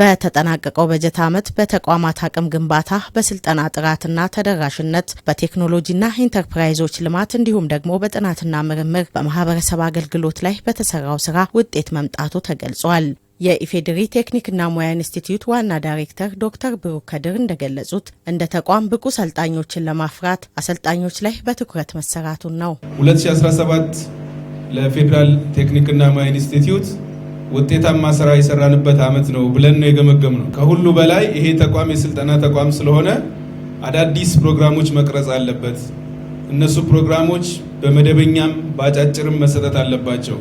በተጠናቀቀው በጀት ዓመት በተቋማት አቅም ግንባታ፣ በስልጠና ጥራትና ተደራሽነት፣ በቴክኖሎጂና ኢንተርፕራይዞች ልማት እንዲሁም ደግሞ በጥናትና ምርምር በማህበረሰብ አገልግሎት ላይ በተሰራው ስራ ውጤት መምጣቱ ተገልጿል። የኢፌዴሪ ቴክኒክና ሙያ ኢንስቲትዩት ዋና ዳይሬክተር ዶክተር ብሩክ ከድር እንደገለጹት እንደ ተቋም ብቁ ሰልጣኞችን ለማፍራት አሰልጣኞች ላይ በትኩረት መሰራቱን ነው። 2017 ለፌዴራል ቴክኒክና ሙያ ኢንስቲትዩት ውጤታማ ስራ የሰራንበት አመት ነው ብለን ነው የገመገም ነው። ከሁሉ በላይ ይሄ ተቋም የስልጠና ተቋም ስለሆነ አዳዲስ ፕሮግራሞች መቅረጽ አለበት። እነሱ ፕሮግራሞች በመደበኛም በአጫጭርም መሰጠት አለባቸው።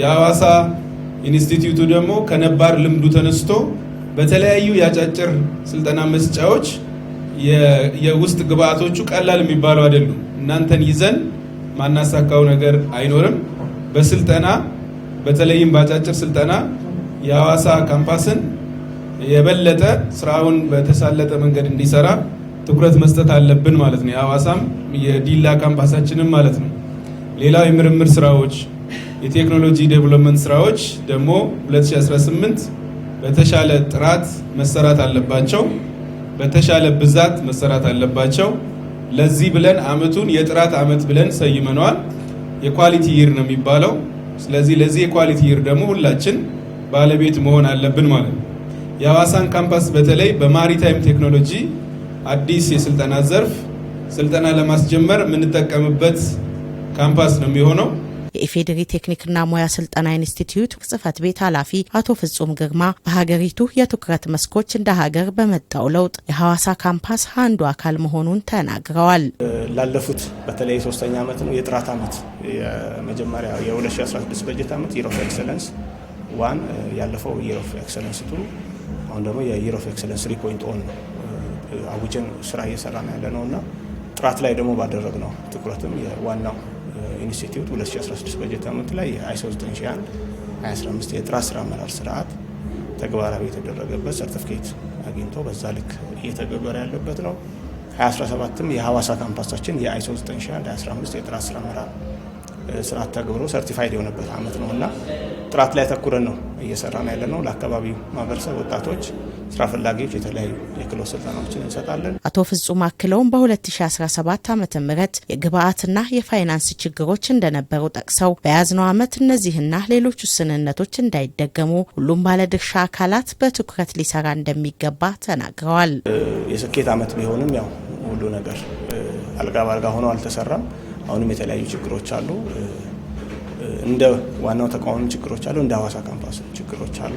የሐዋሳ ኢንስቲትዩቱ ደግሞ ከነባር ልምዱ ተነስቶ በተለያዩ የአጫጭር ስልጠና መስጫዎች የውስጥ ግብአቶቹ ቀላል የሚባሉ አይደሉም። እናንተን ይዘን ማናሳካው ነገር አይኖርም። በስልጠና በተለይም በአጫጭር ስልጠና የሐዋሳ ካምፓስን የበለጠ ስራውን በተሳለጠ መንገድ እንዲሰራ ትኩረት መስጠት አለብን ማለት ነው። የሐዋሳም የዲላ ካምፓሳችንም ማለት ነው። ሌላው የምርምር ስራዎች፣ የቴክኖሎጂ ዴቨሎፕመንት ስራዎች ደግሞ 2018 በተሻለ ጥራት መሰራት አለባቸው፣ በተሻለ ብዛት መሰራት አለባቸው። ለዚህ ብለን አመቱን የጥራት አመት ብለን ሰይመነዋል። የኳሊቲ ይር ነው የሚባለው። ስለዚህ ለዚህ የኳሊቲ ይር ደግሞ ሁላችን ባለቤት መሆን አለብን ማለት ነው። የሐዋሳን ካምፓስ በተለይ በማሪታይም ቴክኖሎጂ አዲስ የስልጠና ዘርፍ ስልጠና ለማስጀመር የምንጠቀምበት ካምፓስ ነው የሚሆነው። የኢፌዴሪ ቴክኒክና ሙያ ስልጠና ኢንስቲትዩት ጽህፈት ቤት ኃላፊ አቶ ፍጹም ግርማ በሀገሪቱ የትኩረት መስኮች እንደ ሀገር በመጣው ለውጥ የሐዋሳ ካምፓስ አንዱ አካል መሆኑን ተናግረዋል። ላለፉት በተለይ ሶስተኛ ዓመት ነው የጥራት ዓመት የመጀመሪያ የ2016 በጀት ዓመት ይር ኤክሰለንስ ዋን ያለፈው ይር ኤክሰለንስ ቱ አሁን ደግሞ የይር ኤክሰለንስ ስሪ ኦን አውጀን ስራ እየሰራ ነው ያለ ነው እና ጥራት ላይ ደግሞ ባደረግ ነው ትኩረትም ዋናው ኢንስቲትዩት 2016 በጀት ዓመት ላይ የአይሶ 9001 2015 የጥራት ስራ አመራር ስርዓት ተግባራዊ የተደረገበት ሰርቲፊኬት አግኝቶ በዛ ልክ እየተገበረ ያለበት ነው። 2017ም የሐዋሳ ካምፓሳችን የአይሶ 9001 2015 የጥራት ስራ አመራር ስርዓት ተግብሮ ሰርቲፋይድ የሆነበት ዓመት ነው እና ጥራት ላይ ተኩረን ነው እየሰራን ያለ ነው። ለአካባቢው ማህበረሰብ ወጣቶች ስራ ፈላጊዎች የተለያዩ የክህሎት ስልጠናዎችን እንሰጣለን። አቶ ፍጹም አክለውም በ2017 ዓ ም የግብአትና የፋይናንስ ችግሮች እንደነበሩ ጠቅሰው በያዝነው ዓመት እነዚህና ሌሎች ውስንነቶች እንዳይደገሙ ሁሉም ባለድርሻ አካላት በትኩረት ሊሰራ እንደሚገባ ተናግረዋል። የስኬት ዓመት ቢሆንም ያው ሁሉ ነገር አልጋ በአልጋ ሆኖ አልተሰራም። አሁንም የተለያዩ ችግሮች አሉ። እንደ ዋናው ተቃዋሚ ችግሮች አሉ፣ እንደ ሀዋሳ ካምፓስ ችግሮች አሉ።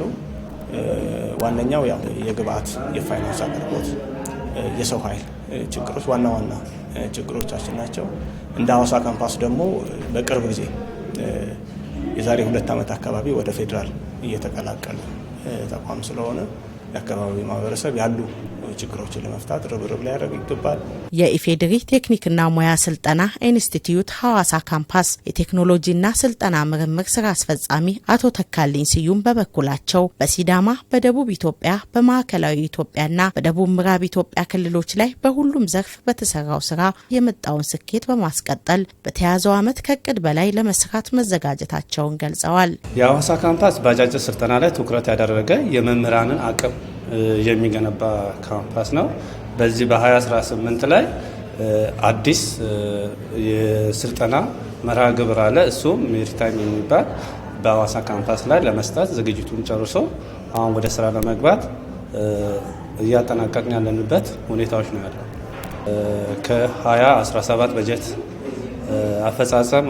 ዋነኛው ያው የግብአት የፋይናንስ አቅርቦት፣ የሰው ኃይል ችግሮች ዋና ዋና ችግሮቻችን ናቸው። እንደ ሀዋሳ ካምፓስ ደግሞ በቅርብ ጊዜ የዛሬ ሁለት ዓመት አካባቢ ወደ ፌዴራል እየተቀላቀለ ተቋም ስለሆነ የአካባቢ ማህበረሰብ ያሉ ችግሮችን ለመፍታት ርብርብ ሊያደርግ ይገባል። የኢፌዴሪ ቴክኒክና ሙያ ስልጠና ኢንስቲትዩት ሐዋሳ ካምፓስ የቴክኖሎጂና ስልጠና ምርምር ስራ አስፈጻሚ አቶ ተካልኝ ስዩም በበኩላቸው በሲዳማ፣ በደቡብ ኢትዮጵያ፣ በማዕከላዊ ኢትዮጵያና በደቡብ ምዕራብ ኢትዮጵያ ክልሎች ላይ በሁሉም ዘርፍ በተሰራው ስራ የመጣውን ስኬት በማስቀጠል በተያዘው ዓመት ከእቅድ በላይ ለመስራት መዘጋጀታቸውን ገልጸዋል። የሐዋሳ ካምፓስ ባጃጀት ስልጠና ላይ ትኩረት ያደረገ የመምህራንን አቅም የሚገነባ ካምፓስ ነው። በዚህ በ2018 ላይ አዲስ የስልጠና መርሃ ግብር አለ። እሱም ሜሪታይም የሚባል በአዋሳ ካምፓስ ላይ ለመስጠት ዝግጅቱን ጨርሶ አሁን ወደ ስራ ለመግባት እያጠናቀቅን ያለንበት ሁኔታዎች ነው ያለው ከ2017 በጀት አፈጻጸም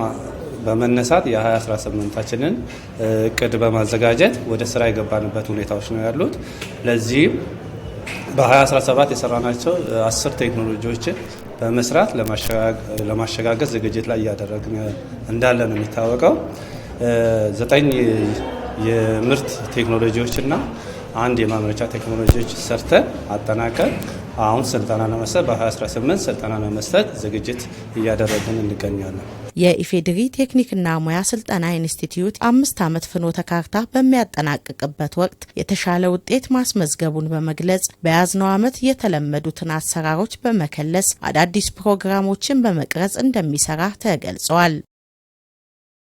በመነሳት የ2018ታችንን እቅድ በማዘጋጀት ወደ ስራ የገባንበት ሁኔታዎች ነው ያሉት። ለዚህም በ2017 የሰራናቸው አስር ቴክኖሎጂዎችን በመስራት ለማሸጋገር ዝግጅት ላይ እያደረግን እንዳለ ነው የሚታወቀው። ዘጠኝ የምርት ቴክኖሎጂዎችና አንድ የማምረቻ ቴክኖሎጂዎች ሰርተን አጠናቀን አሁን ስልጠና ለመስጠት በ2018 ስልጠና ለመስጠት ዝግጅት እያደረግን እንገኛለን። የኢፌዴሪ ቴክኒክና ሙያ ስልጠና ኢንስቲትዩት አምስት ዓመት ፍኖተ ካርታ በሚያጠናቅቅበት ወቅት የተሻለ ውጤት ማስመዝገቡን በመግለጽ በያዝነው ዓመት የተለመዱትን አሰራሮች በመከለስ አዳዲስ ፕሮግራሞችን በመቅረጽ እንደሚሰራ ተገልጸዋል።